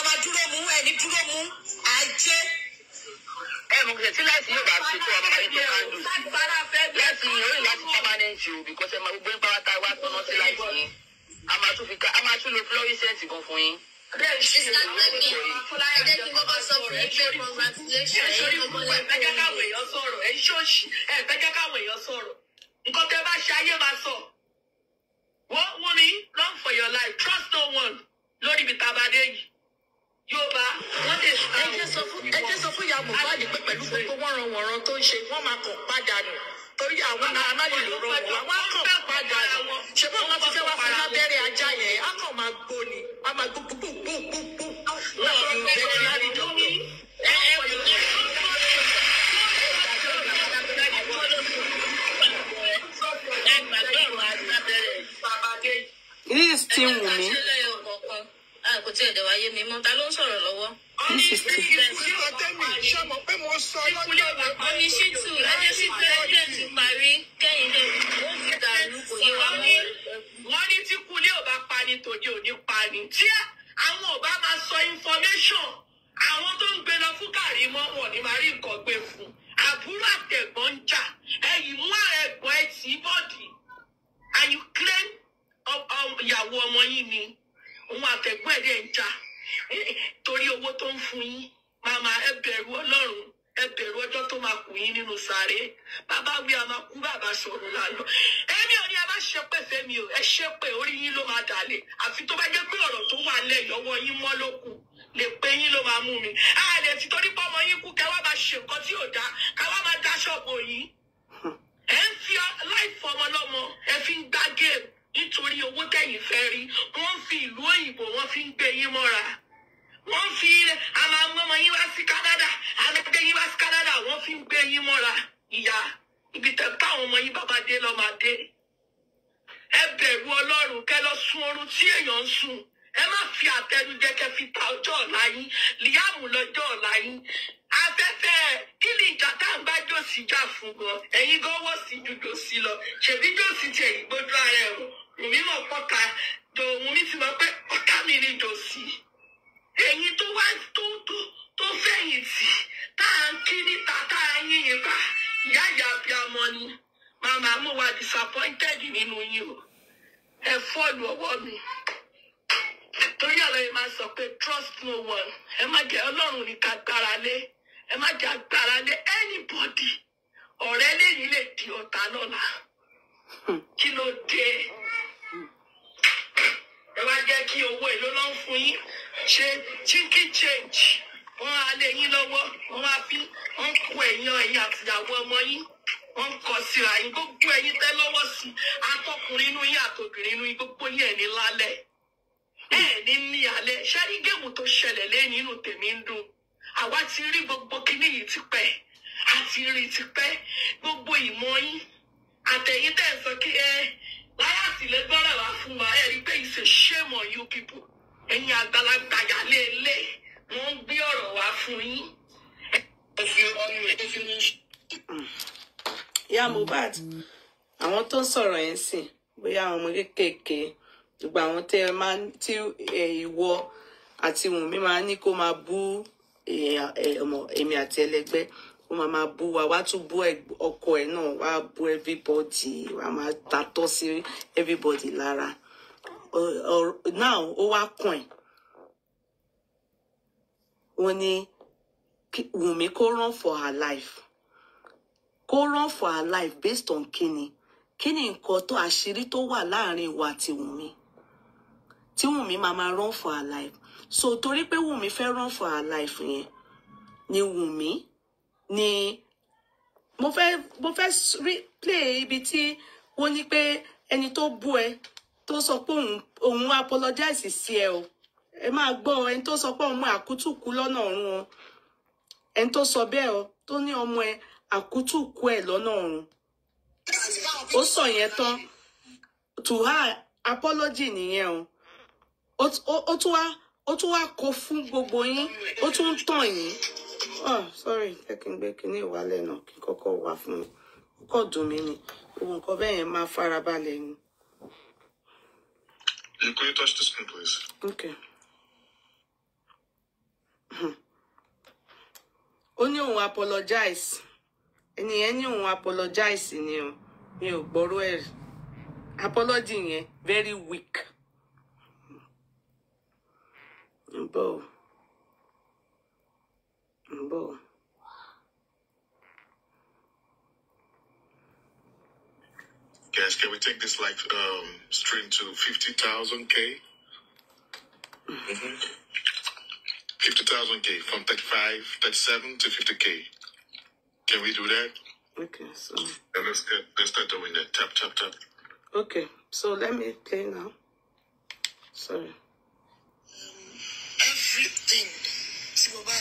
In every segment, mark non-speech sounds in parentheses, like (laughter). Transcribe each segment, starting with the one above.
gbọ́dọ̀ máa dúró mú ẹni dúró mú ajé. ẹnu ṣe tí láìsí yóò bá ti tó ọmọ ayé tó kánú láìsí yóò láti permanent o because ẹ máa gbé báwa tá a wá tọ́nà sí láìsí yín a máa tún fi ká a máa tún lo fluorescent gan fún yín. Nǹkan tẹ́ bá ṣe ayé máa sọ. Wọ́n wú mi, run for your life, trust no one lórí ibi tá a bá dé yìí yorùbá wọn lè sọ ẹ sọ fún ẹ sọ fún ìyá mohbad pé pẹ̀lú gbogbo wọ́nran wọ̀nran tó ń ṣe wọ́n máa kàn padà nù torí àwọn náà má lè lọ́rọ̀ wọn wọ́n padà nù ṣé bá wọn ti fẹ́ wá fún lábẹ́rẹ́ ajá yẹn á máa gbó ni á máa gbó gbúgbúgbúgbú lọ́wọ́ ìgbẹ́ ti láti dọ́gbọ́. ẹ ẹ wò ó. This is Team Wumi kò tiẹ̀ dẹ̀ wáyé mi mọ́ ta ló ń sọ̀rọ̀ lọ́wọ́. ọ̀nìṣìtù ìfúnṣọ́ tẹ́mi ṣé mo pé mo sọ lọ́jọ́ pé ọ̀nìṣìtù ẹ̀jẹ̀sí pẹ́ẹ́dẹ̀ ti parí kẹ́yìn lè ó fi dàrú kò yé wa mọ́. wọ́n ní tí kulé ò bá pani tòde ò ní pani tí àwọn ò bá máa sọ information àwọn tó ń gbé lọ fún kàrí mọ́ wọn ni màá rí nǹkan gbé fún àbúrò àtẹ̀gbọ́n ń jà ẹ̀yìn mú àrẹ̀gbọ́n ẹ̀ tì í bọ̀dì and you claim ìyàwó ọmọ yìí ni òun àtẹ̀gbọ́n ẹ̀ dẹ̀ ń jà torí owó tó ń fún yín màmá ẹ bẹ̀rù ọlọ́run ẹ bẹ̀rù ọjọ́ tó máa kù yín nínú sàárè bàbá wí a kú bàbá sọ̀rọ̀ lálọ́ èmi ò ní ẹ bá ṣépè fẹ́mi o ẹ ṣépè orí yín ló máa dàlẹ̀ àfi tó bá jẹ́ pé ọ̀rọ̀ tó wà lẹ̀ yọwọ́ yín mọ́ ló kù lè pé yín ló máa mú mi a lè ti torí pé ọmọ yín kú kẹ́ wá máa ṣe nǹkan tí ò dá ká wá máa dá ṣọ́ọ̀bù yín hmm. ẹ ń fi láì fọmọlọ́mọ ẹ fi ń gbá géèmù nítorí owó tẹ̀yìn fẹ́ rí wọ́n fi ìlú òyìnbó wọ́n fi ń gbé yín mọ́ra wọ́n fi àmàmọ́mọ́ yín wá sí Canada alágbé yín wá sí Canada wọ́n fi ń gbé yín mọ́ra ìyá ibi tẹ̀ táwọn ọmọ yín bàbá dé lọ́ọ́ máa dé ẹ bẹ̀rù Ọlọ́run kẹ́ lọ sùn oorun tí èèyàn ń sùn ẹ má fi àtẹnujẹ kẹ́ fi ta ọjọ́ ọ̀la yín Liam lọ́jọ́ ọ̀la yín ti jà fún gan ẹ̀yin gan wọ̀ sí ju dòsí lọ ṣèbí dòsí tiẹ̀ yìí gbójú ara ẹ̀ wùmí mọ̀ pọ́ta dòwùmí ti mọ̀ pé ọ̀tá mi ni dòsí ẹ̀yin tó wá tó tó tó fẹ̀yìntì tá à ń kí níta tá à ń yìnyín pa ìyá ìyá abiyamọ ni màmá mo wà disappointed nínú yín o ẹ fọ́ọ̀lù ọwọ́ mi torí ọ̀rọ̀ yìí máa sọ pé trust no one ẹ má jẹ́ ọlọ́run ní ká gbára lé ẹ má jẹ́ agbára lé anybody ọ̀rẹ́ lẹ́yìn lè di ọ̀tá lọ́la hmm. kí ló dé ẹ wá jẹ́ kí owó èlò lọ́ ń fún yín ṣe chicken change wọ́n á lé yín lọ́wọ́ wọ́n á fi wọ́n kó ẹ̀yìn ẹ̀yìn àtìyàwó ọmọ yín wọ́n kọ síra yín gbogbo ẹ̀yin tẹ́ lọ́wọ́ sí atọ́kùnrin inú yín àtòbìnrin inú yín gbogbo yín ẹ̀ ní lálẹ́ ẹ̀ ní ní alẹ́ ṣẹ́rí géèmù tó ṣẹlẹ̀ lẹ́yìn inú tèmi ń dùn àwa ti rí gbogbo kinní yìí ti pẹ́ a ti rí tipẹ́ gbogbo ìmọ̀ yín àtẹ̀yìn tẹ̀ sọ kí ẹ láyà sílẹ̀ gbọ́dọ̀ wá fún wa ẹ rí pé ìṣe shame on you people ẹ̀yin àgbàlagbà yálé ilé wọ́n ń gbé ọ̀rọ̀ wá fún yín. ẹ fi ọyún ẹ fi ní. ìyá Mohbad àwọn tó ń sọ̀rọ̀ yẹn sìn bóyá àwọn ọmọ kéékèèké gbogbo àwọn tẹ ẹ máa tí ìwọ àti Wùnmí máa ní kó máa bú èmi àti ẹlẹgbẹ́ ó máa máa bú wa wá tún bú ọkọ ẹ̀ náà wá bú everybody wá máa tatọ́ sí everybody lára now ó wá kàn ẹ̀ wọ́n ní Wùnmí kó run for her life kó run for her life based on kíni kíni nǹkan tó àṣírí tó wà láàrin wa àti Wùnmí tí Wùnmí máa máa run for her life so torí pé Wùnmí fẹ́ run for her life yẹn ni Wùnmí ni mo fẹ́ mo fẹ́ rí play ibi tí wọ́n ní pé ẹni tó bú ẹ tó sọ pé òun òun apologize sí ẹ o ẹ máa gbọ́ ẹni tó sọ pé ọmọ àkútùkú lọ́nà ọ̀run o ẹni tó sọ bẹ́ẹ̀ o tó ní ọmọ ẹ àkútùkú ẹ lọ́nà ọ̀run ó sọ yẹn tán to her apology nìyẹn o ó tún wá ó tún wá kó fún gbogbo yín ó tún tàn yín oh sorry jẹ́ kí n gbé kinní ìwálẹ̀ náà kí n kọ́kọ́ wà fún mi ó kọ̀ dùn mí ni gbogbo nǹkan bẹ́ẹ̀ yẹn máa farabalẹ̀ ni. You could touch the screen, please. Okay. ó ní òun apologize ẹni yẹn ní òun apologize ni o mi ò gbọ́rọ̀ ẹ̀ apology yẹn very weak. Bo. Boo. Guys, can we take this like um, string to 50,000 K? Mm-hmm. 50,000 K from 35, 37 to 50K. Can we do that? Okay, so. let's get, let's start doing that. Tap, tap, tap. Okay, so let me play now. Sorry.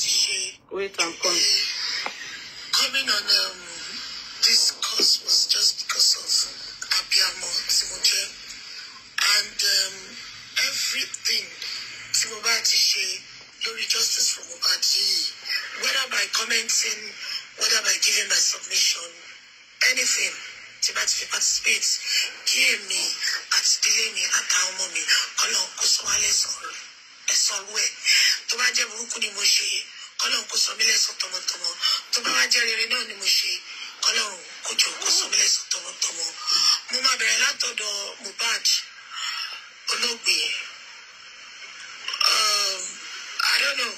ti wait i'm coming. coming on um, this course was just because of abiyamọ tí mo jẹ and um, everything tí mo bá ti ṣe lórí justice from Mohbad whether by commenting whether by giving my submission anything tí bá ti fi participate kí èmi àti ìdílé mi àtàwọn ọmọ mi kọ́ kó sọ wálé sọ̀rọ̀ ẹ tó bá jẹ́ burúkú ni mo ṣe kọ́lọ́run kó san mí lẹ́san tọmọtọmọ tó bá wá jẹ́ rere náà ni mo ṣe kọ́lọ́run kó jọ kó mí lẹ́san tọmọtọmọ mo máa bẹ̀rẹ̀ látọ̀dọ̀ Mohbad olóògbé um, I don't know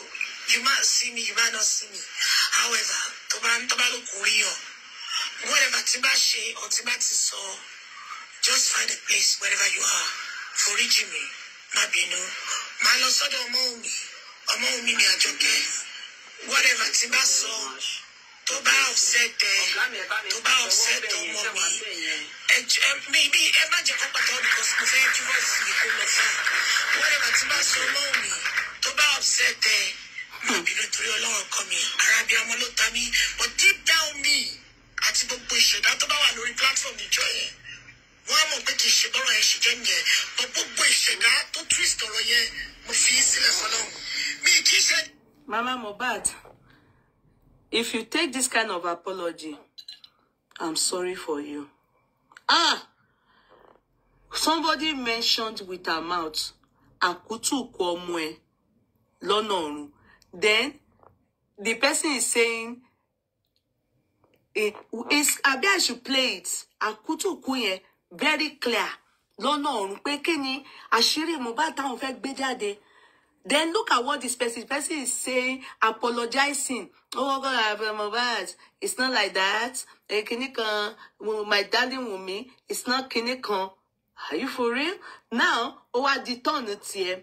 you might see me you might not see me however tó bá tó bá ló kú rí yàn whatever tí bá ṣe or tí bá ti sọ just find a place wherever you are foríjì mi má bínú máa lọ sọ́dọ̀ ọmọ omi ọmọ omi ni àjọkẹ́ whatever tí bá sọ tó bá upset tó bá upset ọmọ mi ẹ bí ẹ má jẹ́ kó pàtó because mo fẹ́ kí voice mi kó lọ fún whatever tí bá sọ ọmọ omi tó bá upset ẹ bínú torí ọlọ́run kọ́ mi arábí ọmọ ló ta mí but deep down me àti gbogbo ìṣẹ̀dá tó bá wà lórí platform ìjọ yẹn wọ́n á mọ̀ pé kì í ṣe bọ́rọ̀ yẹn ṣe jẹ́ nìyẹn but gbogbo ìṣẹ̀dá tó twist ọ̀rọ̀ yẹn. Mama Mohbad, if you take this kind of apology, I'm sorry for you. Ah, somebody mentioned with her mouth akutu kwomwe, lononu. then the person is saying it eh, is abi I should play it àkútùkù yẹn very clear lọ́nà ọ̀run pé kí ni àṣírí Mohbad táwọn fẹ́ gbé jáde then look at what this person person is saying apologizing oh god i have uh, Mohbad it's not like that eh, kìnní kan my darling Wunmi it's not kìnní kan are you for real now ó wá di tọ́ọ̀nù tiẹ̀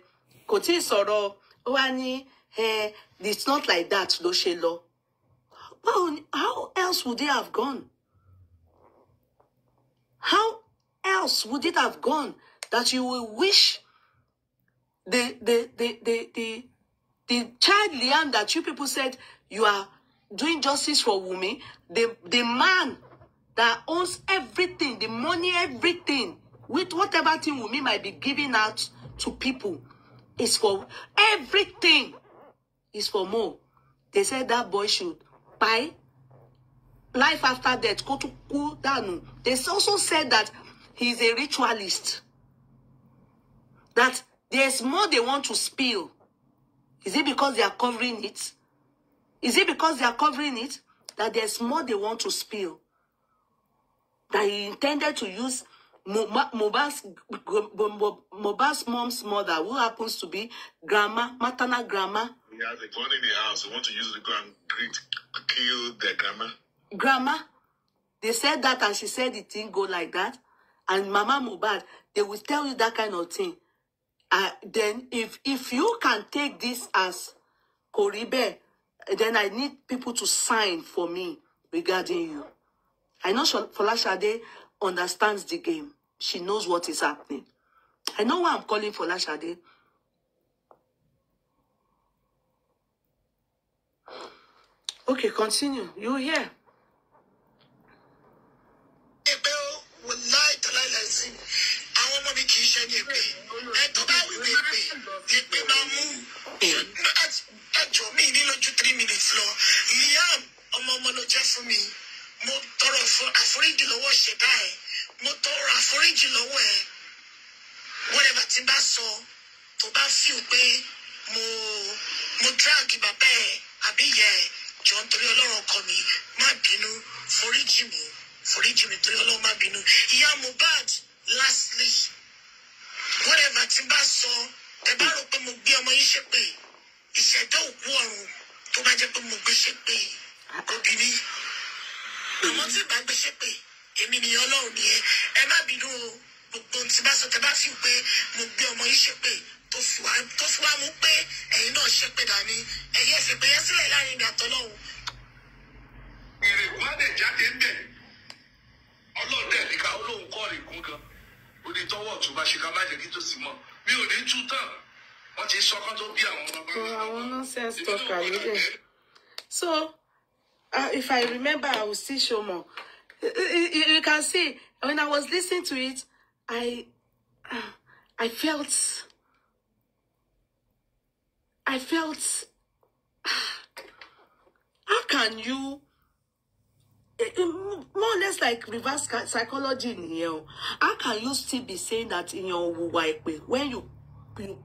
kò tí ì sọ̀rọ̀ ó wá ní eh, it's not like that ló ṣe lọ how else would they have gone how else would it have gone that you will wish the the the the the, the child Liam that you people said you are doing justice for Wumi, the the man that owns everything, the money, everything, with whatever thing Wumi might be giving out to people, is for everything is for more. They said that boy should buy life after death, go to cool down. They also said that he's a ritualist. That there's more they want to spill. Is it because they are covering it? Is it because they are covering it that there's more they want to spill? That he intended to use Mobas, mom's mother, who happens to be grandma, maternal grandma. He has a gun in the house. They want to use the gun to kill their grandma. Grandma. They said that and she said it didn't go like that. and Mama Mohbad, they will tell you that kind of thing. Uh, then if if you can take this as Koribe, then I need people to sign for me regarding you. I know Folashade understands the game. She knows what is happening. I know why I'm calling Folashade. Okay, continue. You here? ṣe ní èpè ẹ tó bá wíwé èpè èpè máa mú ẹjọ mi ní lójú three minutes lọ liam ọmọ ọmọ ló jẹ́ fún mi mo tọrọ àforíjì lọ́wọ́ ṣẹ̀dá ẹ̀ mo tọrọ àforíjì lọ́wọ́ ẹ̀ whatever tí bá sọ tó bá fi pé mo mo drag bàbá ẹ̀ àbí ìyá ẹ̀ jọ nítorí ọlọ́run ọkọ mi má bínú foríjì mi foríjì mi torí ọlọ́run má bínú ìyá Mohbad. sọ ẹ bá rò pé mo gbé ọmọ yìí ṣépè ìṣẹ̀dá òkú ọ̀run tó bá jẹ́ pé mo gbé ṣépè kò bí mi tí ìbá gbé ṣépè èmi nìyẹn ọlọ́run nìyẹn ẹ má bínú o gbogbo tí bá sọ tẹ bá fi pé mo gbé ọmọ yìí ṣépè tó fi wá mú pé ẹ̀yin náà ṣépè dání ẹ̀yẹ ṣépè yẹn sílẹ̀ láàrin ìgbà tọ́lọ́run. ìrèkùn á dẹ̀ jáde ń bẹ̀ ọlọ́dẹ̀ olóhùn kọ́ọ̀rì kún gan onítọ́wọ́ tó ṣe ká má jẹ́ kí tó sì mọ̀ mi ò ní tú tán wọ́n ti sọ́kọ́ tó bí àwọn ọmọ bàbá. àwọn nonsense talker ló dé so uh, if I remember I will still show more you, you can see when I was listening to it I uh, I felt I felt (sighs) how can you Eh, eh, more or less like reverse psychology in here. how can you still be saying that in your wife when you you